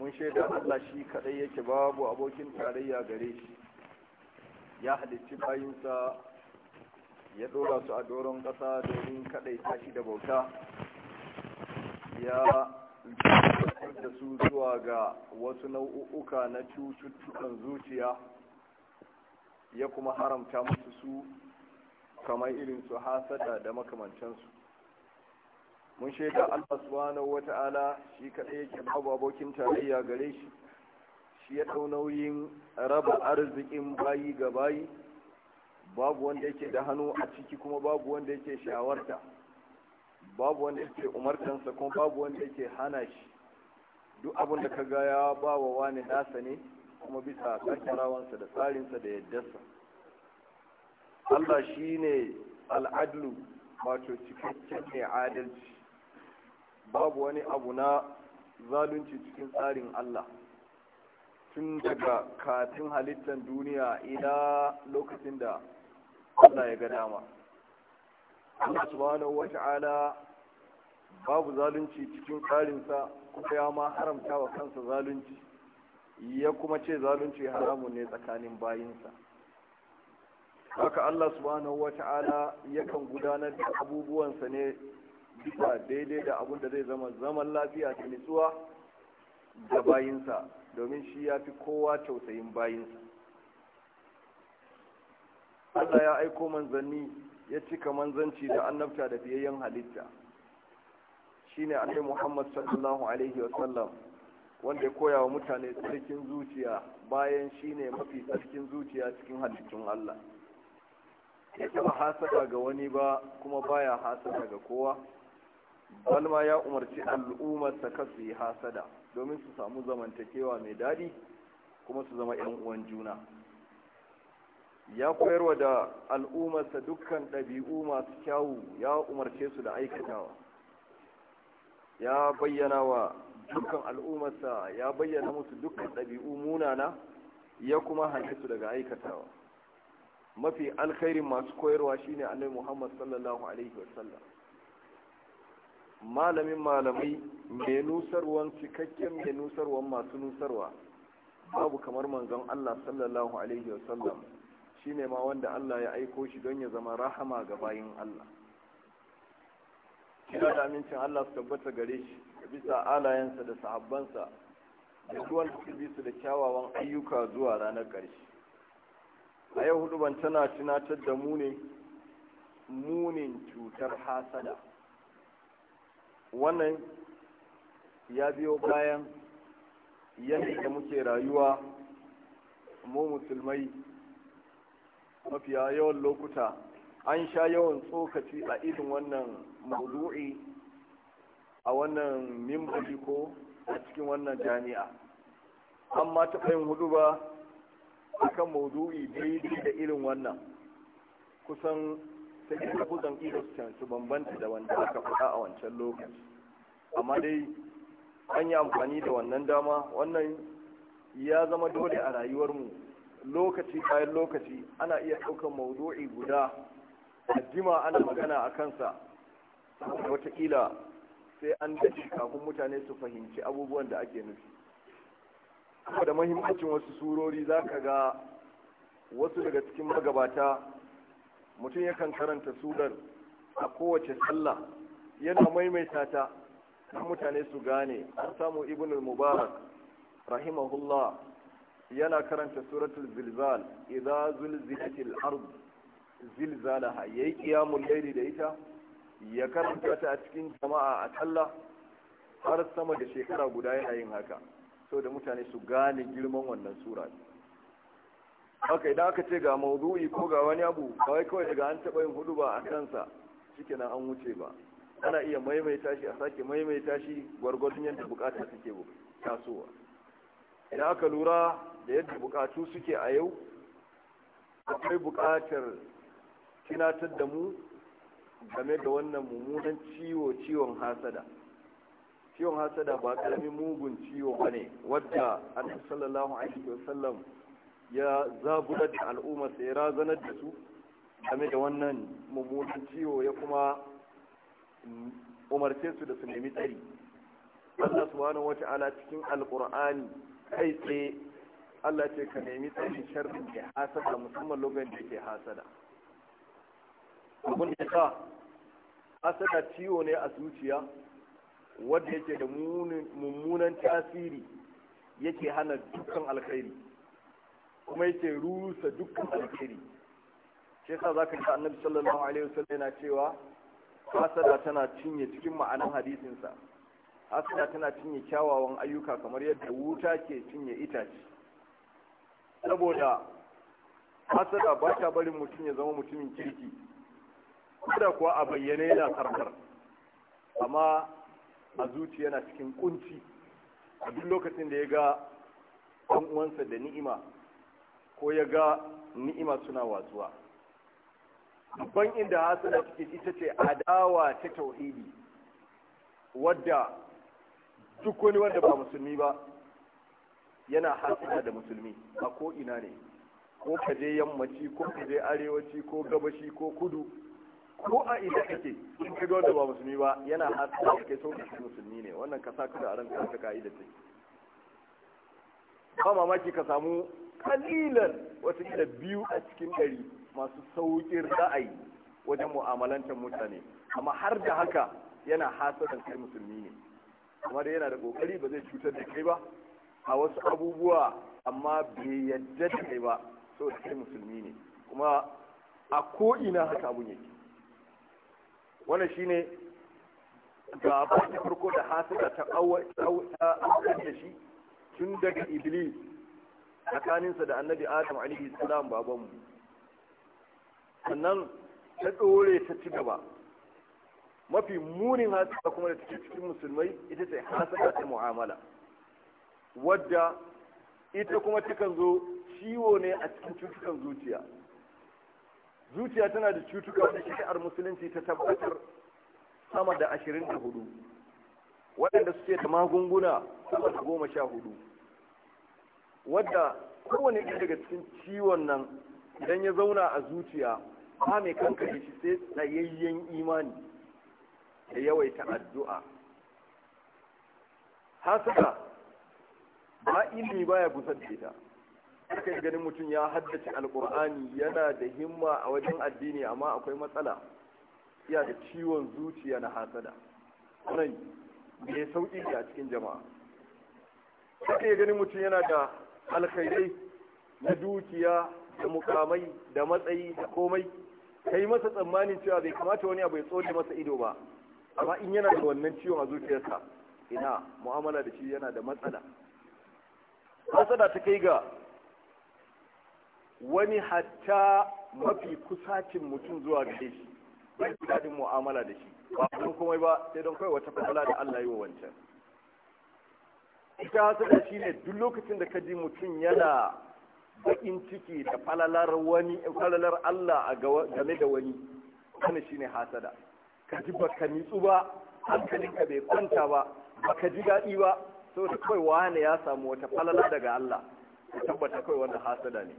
mun shaida Allah shi kadai yake babu abokin tarayya gare shi ya halicci bayinsa ya dora su a doron ƙasa domin kadai tashi da bauta ya da su zuwa ga wasu nau'uka na cututtukan zuciya ya kuma haramta musu su kamar irin su hasada da makamancansu mun shaida Allah subhanahu wata'ala shi kadai yake babu abokin tarayya gare shi shi ya dau nauyin raba arzikin bayi ga bayi babu wanda yake da hannu a ciki kuma babu wanda yake shawarta babu wanda yake umartansa kuma babu wanda yake hana shi duk abin da ka ga ya ba wa wani nasa ne kuma bisa sa da tsarinsa da yaddarsa Allah shine ne al'adlu wato cikakken mai adalci babu wani abu na zalunci cikin tsarin Allah tun daga katin halittar duniya ila lokacin da Allah ya ga dama Allah subhanahu wa ta'ala babu zalunci cikin tsarinsa kuma ya ma haramta wa kansa zalunci ya kuma ce zalunci haramun ne tsakanin bayinsa haka Allah subhanahu wa ta'ala yakan gudanar da abubuwansa ne bisa daidai da abun da zai zama zaman lafiya da nutsuwa da bayinsa domin shi ya fi kowa tausayin bayinsa Allah ya aiko manzanni ya cika manzanci da annabta da fiyayyen halitta Shi ne annabi Muhammad sallallahu alaihi wasallam wanda ya koya wa mutane tsarkin zuciya bayan shi ne mafi tsarkin zuciya cikin halittun Allah ya taba hasada ga wani ba kuma baya hasada ga kowa walma ya umarci al'ummarsa kasu yi hasada domin su samu zamantakewa mai daɗi kuma su zama 'yan uwan juna ya koyarwa da al'ummarsa dukkan ɗabi'u masu kyawu ya umarce su da aikatawa ya bayyana wa dukkan al'ummarsa ya bayyana musu dukkan ɗabi'u munana ya kuma hanyar su daga aikatawa mafi alkhairin masu koyarwa shine annabi muhammad sallallahu alaihi wasallam malamin malamai mai nusarwan cikakken mai nusarwan masu nusarwa babu kamar manzon Allah sallallahu alaihi wasallam shine ma wanda Allah ya aiko shi don ya zama rahama ga bayin Allah kina da amincin Allah su tabbata gare shi bisa alayensa da sahabbansa da duwan su da kyawawan ayyuka zuwa ranar ƙarshe a yau hudu tana tunatar da mu ne munin cutar hasada wannan ya biyo bayan yadda muke rayuwa mu musulmai mafiya yawan lokuta an sha yawan tsokaci a irin wannan maudu'i a wannan mimbali ko a cikin wannan jami'a amma ta yin hudu ba akan maudu'i daidai da irin wannan kusan ta gina bugan idoskan su bambanta da wanda aka faɗa a wancan lokaci amma dai an yi amfani da wannan dama wannan ya zama dole a rayuwarmu lokaci bayan lokaci ana iya ɗaukar maudu'i guda a jima ana magana a kansa wataƙila sai an dace kafin mutane su fahimci abubuwan da ake nufi da mahimmancin wasu surori za ka ga wasu daga cikin magabata mutum yakan karanta surar a kowace sallah yana maimaita ta don mutane su gane an samu ibn mubarak rahimahullah yana karanta suratul zilzal idza zulzilatil ard zilzalaha yayi qiyamul layli da ita ya karanta ta a cikin jama'a a sallah har sama da shekara guda yana yin haka so da mutane su gane girman wannan sura haka idan aka ce ga maudu'i ko ga wani abu kawai kawai daga an taɓa yin hudu ba a kansa shike nan an wuce ba ana iya maimaita shi a sake maimaita shi gwargwadon yadda bukata suke tasowa idan aka lura da yadda bukatu suke a yau akwai bukatar tunatar da mu game da wannan mummunan ciwo ciwon hasada ciwon hasada ba karamin mugun ciwo ne wadda annabi sallallahu alaihi wasallam ya zaburar da al'umma sai razanar da su game da wannan mummunan ciwo ya kuma umarce su da su nemi tsari Allah subhanahu ala cikin Alƙur'ani kai tsaye Allah ce ka nemi tsarin sharrin ke hasada musamman lokacin da yake hasada abin da sa hasada ciwo ne a zuciya wanda yake da mummunan tasiri yake hana dukkan alkhairi kuma yake rusa dukkan alheri shi yasa zaka ga annabi sallallahu alaihi wasallam yana cewa hasada tana cinye cikin ma'anan hadisinsa hasada tana cinye kyawawan ayyuka kamar yadda wuta ke cinye itace saboda hasada ba ta barin mutum ya zama mutumin kirki kada kuwa a bayyane yana karkar amma a zuciya yana cikin kunci a duk lokacin da ya ga ɗan uwansa da ni'ima ko ya ga ni'ima suna watsuwa babban inda hasada cikin ita ce adawa ta tauhidi wadda duk wani wanda ba musulmi ba yana hasada da musulmi a ko ina ne ko ka je yammaci ko ka je arewaci ko gabashi ko kudu ko a ina kake in ka wanda ba musulmi ba yana hasada kai so ka musulmi ne wannan ka sa ka da ran ka ta kaida ce ba mamaki ka samu kalilan watakila biyu a cikin ɗari masu sauƙin ra'ayi wajen mu'amalantar mutane amma har da haka yana hasadan kai musulmi ne amma da yana da ƙoƙari ba zai cutar da kai ba a wasu abubuwa amma bai yadda da kai ba saboda kai musulmi ne kuma a ko'ina haka abu ne wannan shine ga farko da hasada ta auka da shi tun daga iblis tsakaninsa da annabi adam alaihi salam babanmu sannan ta ɗore ta ci gaba mafi munin hasada kuma da take cikin musulmai ita ce hasada ta mu'amala wadda ita kuma takan zo ciwo ne a cikin cutukan zuciya zuciya tana da cutuka da shari'ar musulunci ta tabbatar sama da ashirin da hudu waɗanda suke da magunguna sama da goma sha hudu wadda kowane ɗin daga cikin ciwon nan idan ya zauna a zuciya ba mai kanka da shi sai tsayayyen imani da yawaita addu'a hasuka ba ilimi baya busar da ita aka ganin mutum ya haddace alkur'ani yana da himma a wajen addini amma akwai matsala iya da ciwon zuciya na hasada nan mai sauƙi a cikin jama'a aka ganin mutum yana da alkhairai na dukiya da mukamai da matsayi da komai kai masa tsammanin cewa bai kamata wani abu ya tsone masa ido ba amma in yana da wannan ciwon a zuciyarsa ina mu'amala da shi yana da matsala matsala ta kai ga wani hatta mafi kusacin mutum zuwa gare shi bai daɗin mu'amala da shi ba kuma komai ba sai don kai wata fadala da Allah yi wa wancan ita hasada shine duk lokacin da ka ji mutum yana bakin ciki da falalar wani falalar Allah a game da wani kana shine hasada ka ji baka nitsu ba hankalin ka bai kwanta ba baka ji daɗi ba saboda kawai wani ya samu wata falala daga Allah ka tabbata kawai wanda hasada ne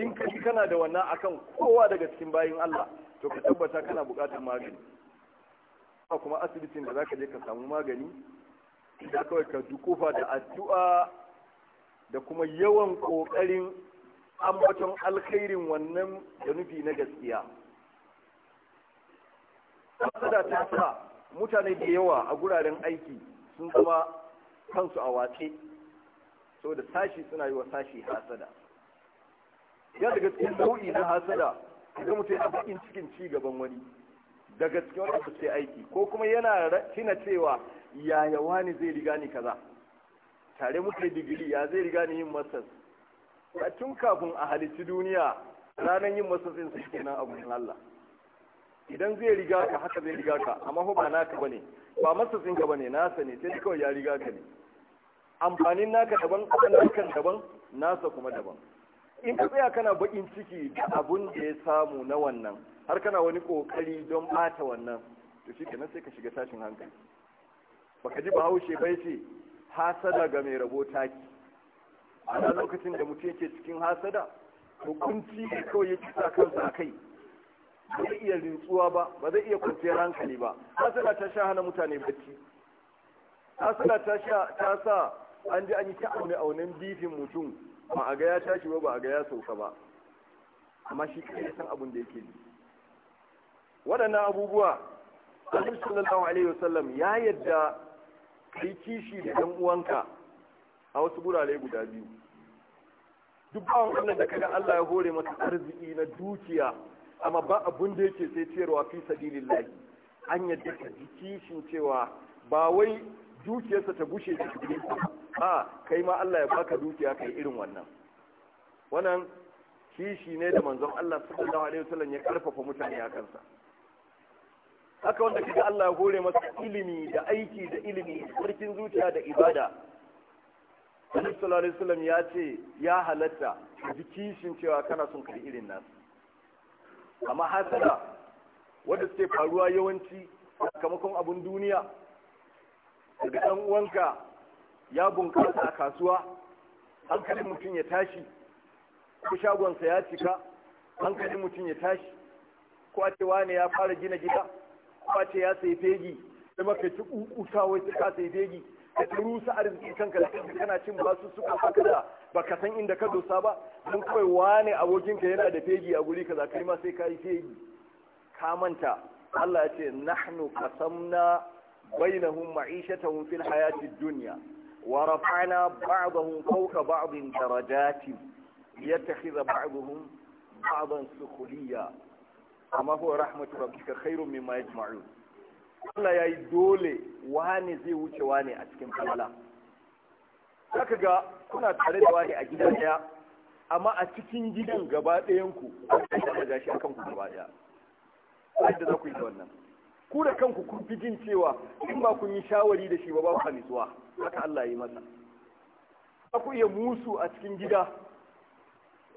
in ka ji kana da wannan akan kowa daga cikin bayin Allah to ka tabbata kana buƙatar magani kuma asibitin da zaka je ka samu magani da kawai ka dukufa da addu'a da kuma yawan ƙoƙarin ambaton alkhairin wannan da nufi na gaskiya hasada ta sa mutane da yawa a guraren aiki sun zama kansu a watse saboda sashi suna yi wa sashi hasada ya daga cikin nau'i na hasada ga mutum a bakin cikin ci gaban wani da gaske wanda su ce aiki ko kuma yana tina cewa yaya wani zai riga ni kaza tare muke digiri ya zai riga ni yin masas a tun kafin a halitti duniya ranar yin masas din su kenan abun Allah idan zai riga ka haka zai riga ka amma ba naka bane ba masas din ka bane nasa ne sai kawai ya riga ka ne amfanin naka daban kan daban nasa kuma daban in ka tsaya kana bakin ciki da abun da ya samu na wannan har kana wani kokari don bata wannan to shi kenan sai ka shiga tashin hankali baka ji bahaushe bai ce hasada ga mai rabo taki ana lokacin da mutum yake cikin hasada hukunci ne kawai yake sa kansa a kai ba zai iya rintsuwa ba ba zai iya kwanciyar hankali ba hasada ta sha hana mutane bacci hasada ta sha ta sa an ji an yi ta aune aunen bifin mutum ba a ga ya tashi ba ba a ga ya sauka ba amma shi kai san abin da yake ji waɗannan abubuwa annabi sallallahu alaihi wasallam ya yadda kai kishi da ɗan uwanka a wasu gurare guda biyu duk bawan wannan da kaga Allah ya hore masa arziki na dukiya amma ba abun da yake sai ciyarwa fi sabilillahi an yadda ka ji kishin cewa ba wai dukiyarsa ta bushe da kudi ba kai ma Allah ya baka dukiya kai irin wannan wannan kishi ne da manzon Allah sallallahu alaihi wasallam ya karfafa mutane a kansa haka wanda kaga Allah ya hore masa ilimi da aiki da ilimi sarkin zuciya da ibada Annabi sallallahu alaihi wasallam ya ce ya halatta jikishin cewa kana son kai irin nasu amma hasada wanda suke faruwa yawanci sakamakon abun duniya daga dan uwanka ya bunkasa a kasuwa hankalin mutum ya tashi ko shagonsa ya cika hankalin mutum ya tashi ko a ce ne ya fara gina gida kwace ya sayi fegi kuma maka ci kukuta wai su ka sayi fegi ka ci rusa arziki kanka da kanka kana cin basu suka haka da ba ka san inda ka dosa ba don kawai wane abokinka yana da fegi a guri kaza kai ma sai ka yi fegi ka manta Allah ya ce nahnu qasamna bainahum ma'ishatahum fil hayatid dunya wa rafa'na ba'dahum fawqa ba'din darajatin liyattakhidha ba'dahum ba'dan sukhriya amma huwa rahmatu rabbika khairun mimma yajma'un Allah ya yi dole wani zai wuce wani a cikin falala zaka ga kuna tare da wani a gida daya amma a cikin gidan gaba ɗayan ku an da shi akan ku gaba ɗaya sai da za ku yi wannan ku da kanku kun fi jin cewa in ba kun yi shawari da shi ba ba ku nutsuwa haka Allah ya yi masa za ku iya musu a cikin gida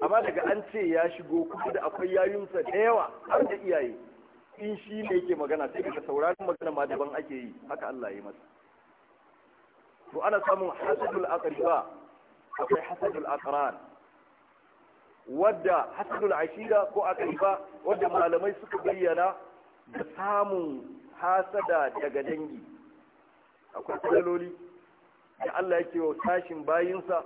amma daga an ce ya shigo kuma da akwai yayunsa da yawa har da iyaye in shi ne yake magana sai ka sauraron magana ma daban ake yi haka Allah ya masa to ana samun hasadul aqriba akwai hasadul aqran wadda hasadul ashira ko aqriba wadda malamai suka bayyana da samun hasada daga dangi akwai kaloli da Allah yake wa tashin bayinsa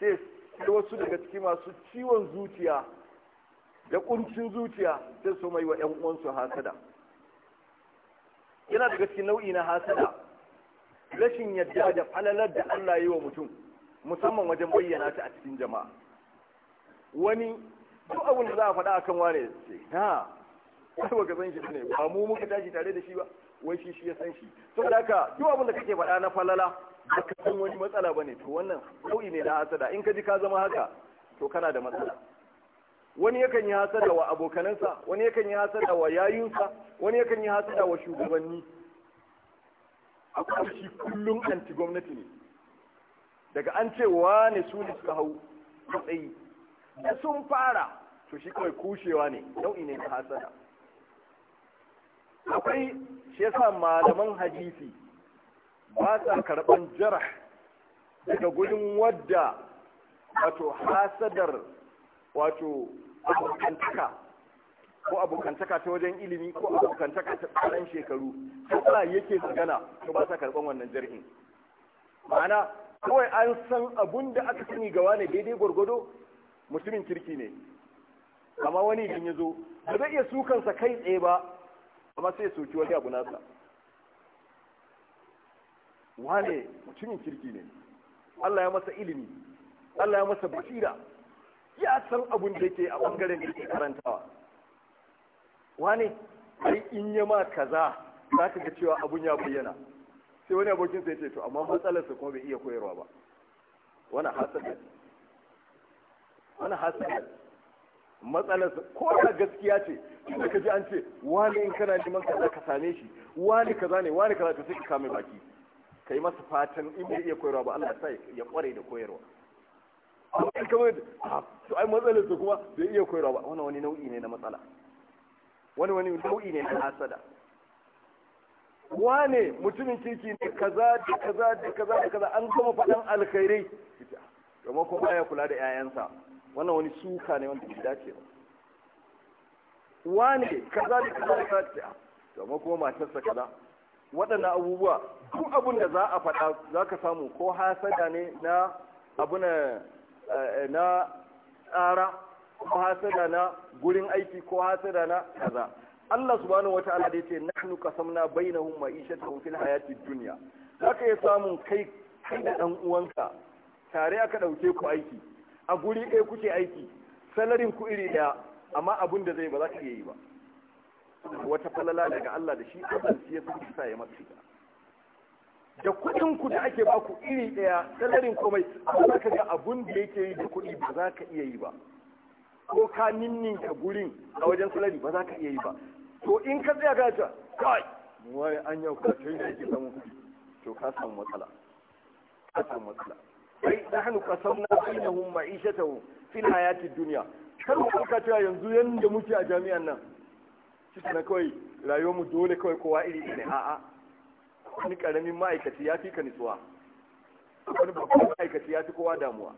sai sai wasu daga ciki masu ciwon zuciya da kuncin zuciya sai su mai wa ‘yan uwansu hasada yana daga cikin nau'i na hasada rashin yadda da falalar da Allah yi wa mutum musamman wajen bayyana ta a cikin jama'a wani duk abin da za a faɗa akan wane ce na sai baka san shi ne ba mu muka tashi tare da shi ba wai shi shi ya san shi saboda haka duk abin da kake faɗa na falala haka san wani matsala bane to wannan nau'i ne na hasada in ka ji ka zama haka to kana da matsala wani yakan yi hasada wa abokanansa wani yakan yi hasada wa yayunsa wani yakan yi hasada wa shugabanni akwai shi kullum anti gwamnati ne daga an ce ne su ne suka hau matsayi da sun fara to shi kawai kushewa ne nau'i ne na hasada akwai shi yasa malaman hadisi ba sa karɓar jarah daga gudun wadda wato hasadar wato abokantaka ko abokantaka ta wajen ilimi ko abokantaka ta tsaron shekaru Allah yake magana to ba sa karɓar wannan jarhin ma'ana kawai an san abun da aka sani gawa ne daidai gwargwado mutumin kirki ne amma wani idan ya zo ba zai iya sukansa kai tsaye ba amma sai ya soki wani abu nasa wane mutumin kirki ne Allah ya masa ilimi Allah ya masa basira ya san abin da yake a bangaren da yake karantawa wane ai in ya ma kaza za ka ga cewa abun ya bayyana sai wani abokin sai ce to amma matsalarsa kuma bai iya koyarwa ba wani hasada wani hasada matsalarsa ko da gaskiya ce da ka ji an ce wani in kana neman kaza ka same shi wani kaza ne wani kaza ka sai ka kame baki ka yi masa fatan in bai iya koyarwa ba Allah sai ya kware da koyarwa amma in kamar ah, to ai matsalar su kuma bai iya koyarwa ba wannan wani nau'i ne na matsala wani wani nau'i ne na hasada wane mutumin kirki ne kaza da kaza da kaza da kaza an gama faɗan alkhairai ah, kuma ko baya kula da 'ya'yansa wannan wani suka ne wanda bai dace ba wane kaza da kaza da kaza ah, kuma matarsa kaza waɗannan abubuwa duk abin da za a faɗa za ka samu ko hasada ne na abin eh, na tsara ko hasada na gurin aiki ko hasada na kaza Allah subhanahu wata'ala da yace nahnu qasamna bainahum ma'ishatuhum fil hayati dunya zaka ya samun kai kai da dan uwanka tare aka ɗauke ku aiki a guri ɗaya kuke aiki salarin ku iri ɗaya amma abin da zai ba za ka iya yi ba wata falala daga Allah da shi abin su ya fi sa ya matsi da kuɗin ku da ake baku iri ɗaya salarin komai amma za ka ga abun da yake yi da kuɗi ba za ka iya yi ba ko ka ninnin ka gurin a wajen salari ba za ka iya yi ba to in ka tsaya ka ta kai wani an yau ka ce da ke samun kudi to ka samu matsala ka samu matsala ai da hannu ka na bainahum ma'ishatahu fil hayati duniya. kar mu ka yanzu yanda muke a jami'an nan shi na kawai rayuwar mu dole kawai kowa iri ne a'a wani karamin ma'aikaci ya fi ka nutsuwa wani babban ma'aikaci ya fi kowa damuwa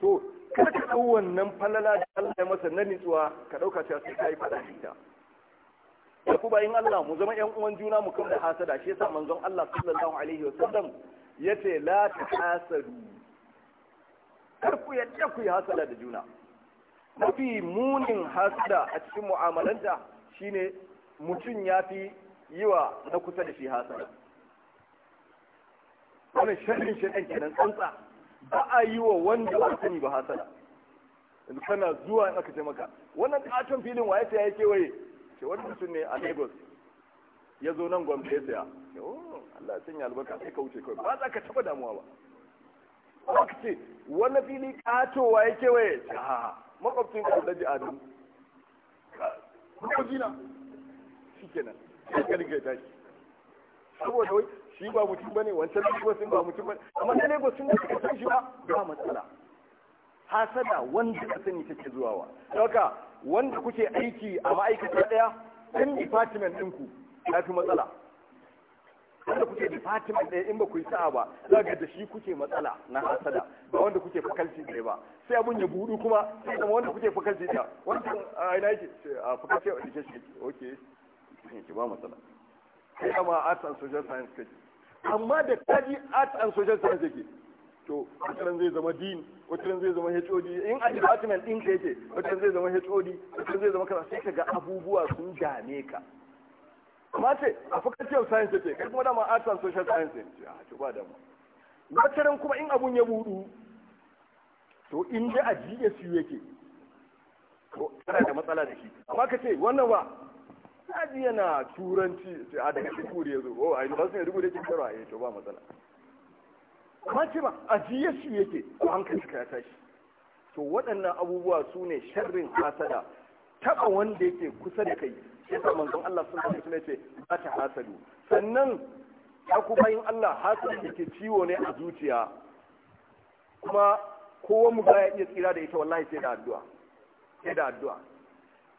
So, kada ka ɗau wannan falala da Allah ya masa na nutsuwa ka ɗauka cewa sai ka yi faɗa da ita da bayin Allah mu zama 'yan uwan juna mu kuma da hasada shi yasa manzon Allah sallallahu alaihi wa sallam yace la hasadu!" kar ku yadda ku yi hasada da juna mafi munin hasada a cikin mu'amalanta shine mutum ya fi yi wa na kusa da shi hasada wannan shirin shirin kenan tsantsa ba a yi wa wanda ba sani ba hasada yanzu kana zuwa in aka maka wannan katon filin waye ta ya kewaye ce wani mutum ne a lagos ya zo nan gwamnati ya saya ce oh, allah ya sanya albarka sai ka wuce kawai ba za ka taba damuwa ba ba ka ce wani fili katowa ya kewaye ce ha makwabcin ka da adamu ko jina shi kenan sai ka ta tashi saboda wai shi ba mutum bane wancan shi ba mutum bane amma ne lagos sun da suka shi ba ba matsala hasada wanda ka sani take zuwa wa haka wanda kuke aiki a ma'aikata daya ɗan department ɗinku ya fi matsala wanda kuke da fatima ɗaya in ba ku yi sa'a ba za ga da shi kuke matsala na hasada ba wanda kuke fakalci ɗaya ba sai abun ya buɗu kuma sai zama wanda kuke fakalci ɗaya wanda ina yake a fakalci a jikin shi ok ki ba matsala sai kama arts and social science kake amma da kaji arts and social science yake to wataran zai zama din wataran zai zama hod in a department ɗin ka yake wataran zai zama hod wataran zai zama kaza sai ka ga abubuwa sun dame ka amma ce a fakatiyar science ce kai kuma dama arts and social science ne a ce ba damu wataran kuma in abun ya budu to in da a GSU yake to tana da matsala da shi amma ka ce wannan ba ji yana turanci a daga Maiduguri ya zo, oh, basu ne Maiduguri yake karo a eh, to ba matsala. Amma ce ba, a GSU yake, ko hankali ka ya tashi. To waɗannan abubuwa su ne sharrin hasada, taɓa wanda yake kusa da kai, yasa manzon Allah sallallahu alaihi wasallam ce ba ta hasadu sannan ya kuma yin Allah hasadu yake ciwo ne a zuciya kuma kowa mu ya iya tsira da ita wallahi sai da addu'a sai da addu'a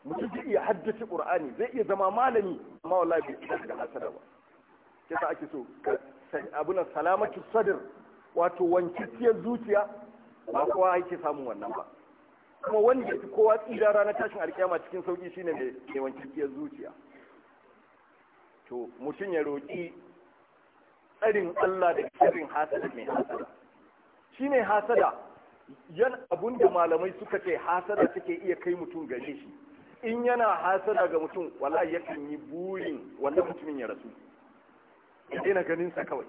mutum zai iya haddace qur'ani zai iya zama malami amma wallahi bai tsira da hasada ba yasa ake so abu na salamatu sadr wato wankikiyar zuciya ba kowa yake samun wannan ba kuma wanda ya fi kowa tsira ranar tashin alkiyama cikin sauki shine mai wancakkiyar zuciya to mutum ya roƙi tsarin Allah da shirin hasada mai hasada Shi ne hasada yan abun da malamai suka ce hasada take iya kai mutum gare shi in yana hasada ga mutum wala yakan yi burin wanda mutumin ya rasu ya daina ganin sa kawai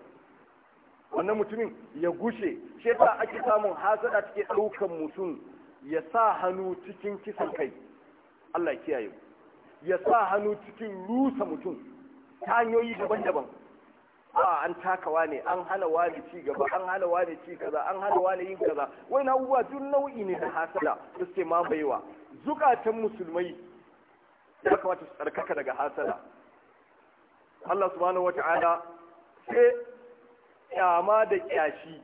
wannan mutumin ya gushe shi yasa ake samun hasada take ɗaukan mutum ya sa hannu cikin kisan kai Allah kiyaye ya sa hannu cikin rusa mutum ta hanyoyi daban-daban a an takawa ne an hana wani ci gaba an hana wani ci kaza an hana wani yin kaza wai na uwa duk nau'i ne da hasala da suke mamayewa zukatan musulmai ya kamata su tsarkaka daga hasala Allah subhanahu wata'ala sai kyama da kyashi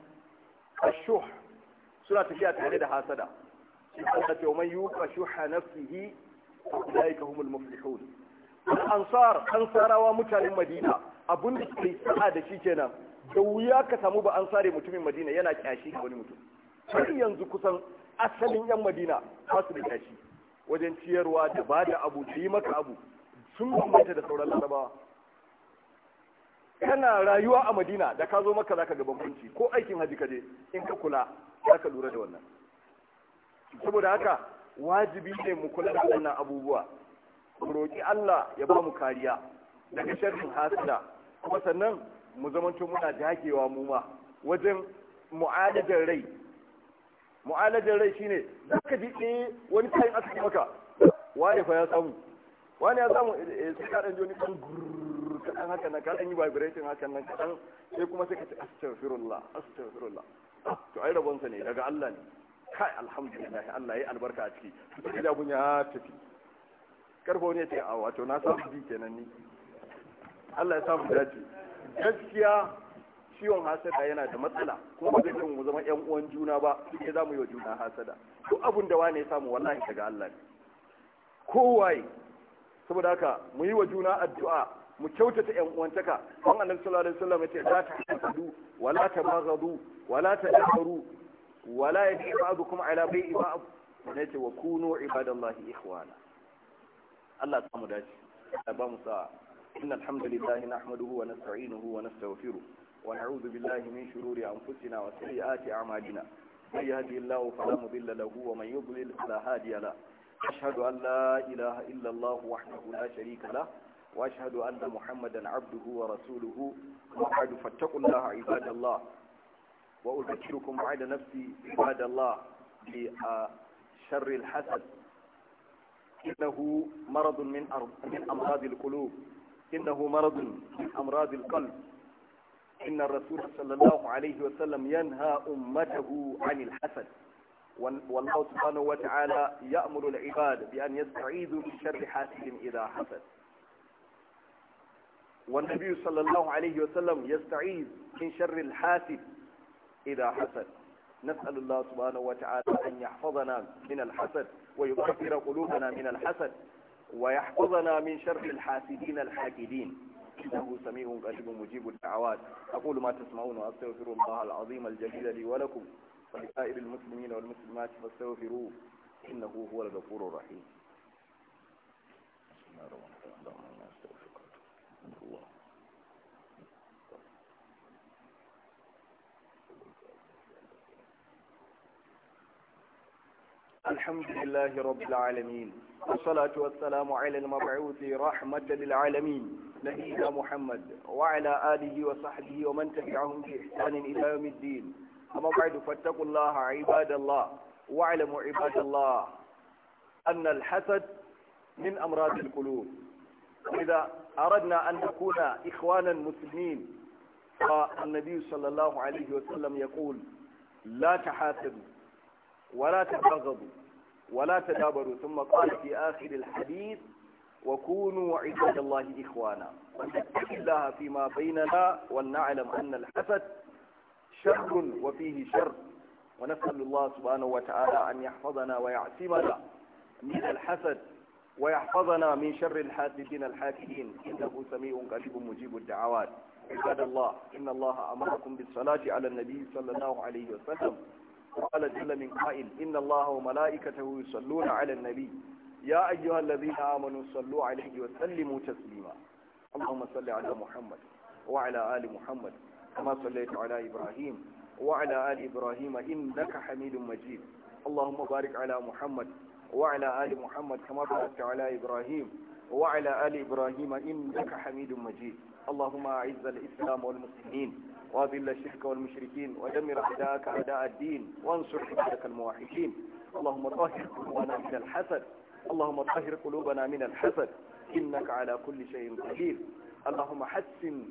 shuh suna tafiya tare da hasada Allah ce man ansarawa mutanen Madina abun da suke sa'a da shi kenan da wuya ka samu ba mutumin Madina yana kyashi ga wani mutum har yanzu kusan asalin yan Madina ba su da kyashi wajen ciyarwa da bada abu yi maka abu sun bambanta da sauran larabawa kana rayuwa a madina da ka zo maka zaka ga bambanci ko aikin haji ka je in ka kula zaka lura da wannan saboda haka wajibi ne mu kula da wannan abubuwa mu roƙi Allah ya ba mu kariya daga sharrin hasada kuma sannan mu zamanto muna dagewa mu ma wajen mu'alajar rai mu'alajar rai shine zaka ji eh wani kayan asibiti maka wani fa ya samu wani ya samu eh, eh, sai ka dan joni kan kaɗan haka nan kaɗan yi vibration haka nan kaɗan sai kuma sai ka ce astaghfirullah astaghfirullah to ai rabonsa ne daga Allah ne kai alhamdulillah Allah ya albarka a ciki sai da abun ya tafi karfo ne ya ce a wato na samu bi kenan ni Allah ya samu dace gaskiya ciwon hasada yana da matsala kuma ba zai mu zama ƴan uwan juna ba sai za mu yi wa juna hasada duk abun da wane ya samu wallahi daga Allah ne kowaye saboda haka mu yi wa juna addu'a mu kyautata yan uwantaka don annabi sallallahu alaihi wasallam ya ce za ta ta'budu wala ta tabaghadu wala tadabaru wala ya fi ba'adu kuma ala bai ima abu na ce wa kuno ibadallahi ikhwana Allah ta mu dace Allah ba mu sa'a inna alhamdulillah nahmaduhu wa nasta'inuhu wa nastaghfiruh wa na'udhu billahi min shururi anfusina wa sayyiati a'malina may yahdihillahu fala mudilla lahu wa may yudlil fala hadiya la ashhadu an la ilaha illa allah wahdahu la sharika la wa ashhadu anna muhammadan 'abduhu wa rasuluhu wa qad fattaqullaha ibadallah وأذكركم بعد نفسي عباد الله بشر الحسد إنه مرض من من أمراض القلوب إنه مرض من أمراض القلب إن الرسول صلى الله عليه وسلم ينهى أمته عن الحسد والله سبحانه وتعالى يأمر العباد بأن يستعيذوا من شر حاسد إذا حسد والنبي صلى الله عليه وسلم يستعيذ من شر الحاسد إذا حسد نسأل الله سبحانه وتعالى أن يحفظنا من الحسد ويطهر قلوبنا من الحسد ويحفظنا من شر الحاسدين الحاكدين إنه سميع قريب مجيب الدعوات أقول ما تسمعون وأستغفر الله العظيم الجليل لي ولكم ولسائر المسلمين والمسلمات فاستغفروه إنه هو الغفور الرحيم الحمد لله رب العالمين والصلاة والسلام على المبعوث رحمة للعالمين نبينا محمد وعلى آله وصحبه ومن تبعهم بإحسان إلى يوم الدين أما بعد فاتقوا الله عباد الله واعلموا عباد الله أن الحسد من أمراض القلوب إذا أردنا أن نكون إخوانا مسلمين فالنبي صلى الله عليه وسلم يقول لا تحاسبوا ولا تبغضوا ولا تدابروا ثم قال في آخر الحديث وكونوا عباد الله إخوانا ونتق الله فيما بيننا ولنعلم أن الحسد شر وفيه شر ونسأل الله سبحانه وتعالى أن يحفظنا ويعصمنا من الحسد ويحفظنا من شر الحاسدين الحاكمين إنه سميع قريب مجيب الدعوات عباد الله إن الله أمركم بالصلاة على النبي صلى الله عليه وسلم قال جل من قائل إن الله وملائكته يصلون على النبي يا أيها الذين آمنوا صلوا عليه وسلموا تسليما اللهم صل على محمد وعلى آل محمد كما صليت على إبراهيم وعلى آل إبراهيم إنك حميد مجيد اللهم بارك على محمد وعلى آل محمد كما باركت على إبراهيم وعلى آل إبراهيم إنك حميد مجيد اللهم أعز الإسلام والمسلمين وأذل الشرك والمشركين ودمر أعداءك أعداء الدين وانصر عبادك الموحدين اللهم طهر قلوبنا من الحسد اللهم طهر قلوبنا من الحسد إنك على كل شيء قدير اللهم حسن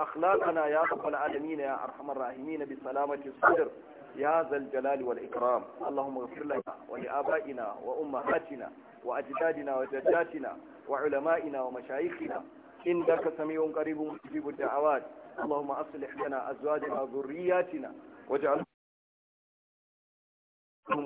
أخلاقنا يا رب العالمين يا أرحم الراحمين بسلامة الصدر يا ذا الجلال والإكرام اللهم اغفر لنا ولآبائنا وأمهاتنا وأجدادنا وجداتنا وعلمائنا ومشايخنا إنك سميع قريب مجيب الدعوات اللهم أصلح لنا أزواجنا وذرياتنا واجعل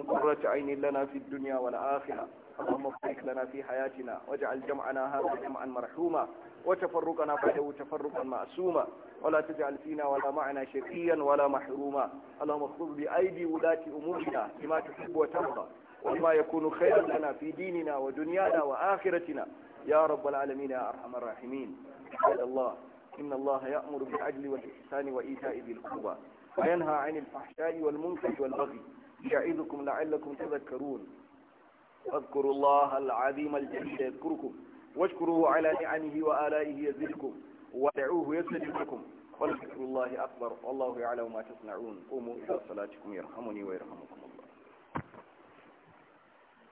قرة عين لنا في الدنيا والآخرة اللهم افتح لنا في حياتنا واجعل جمعنا هذا جمعا مرحوما وتفرقنا بعده تفرقا معصوما ولا تجعل فينا ولا معنا شقيا ولا محروما اللهم خذ بأيدي ولاة أمورنا لما تحب وترضى وما يكون خيرا لنا في ديننا ودنيانا وآخرتنا يا رب العالمين يا أرحم الراحمين الله إن الله يأمر بالعدل والإحسان وإيتاء ذي القربى وينهى عن الفحشاء والمنكر والبغي يعظكم لعلكم تذكرون واذكروا الله العظيم الجليل يذكركم واشكروه على نعمه وآلائه يزدكم ودعوه يسجد لكم ولذكر الله أكبر والله يعلم ما تصنعون قوموا إلى صلاتكم يرحمني ويرحمكم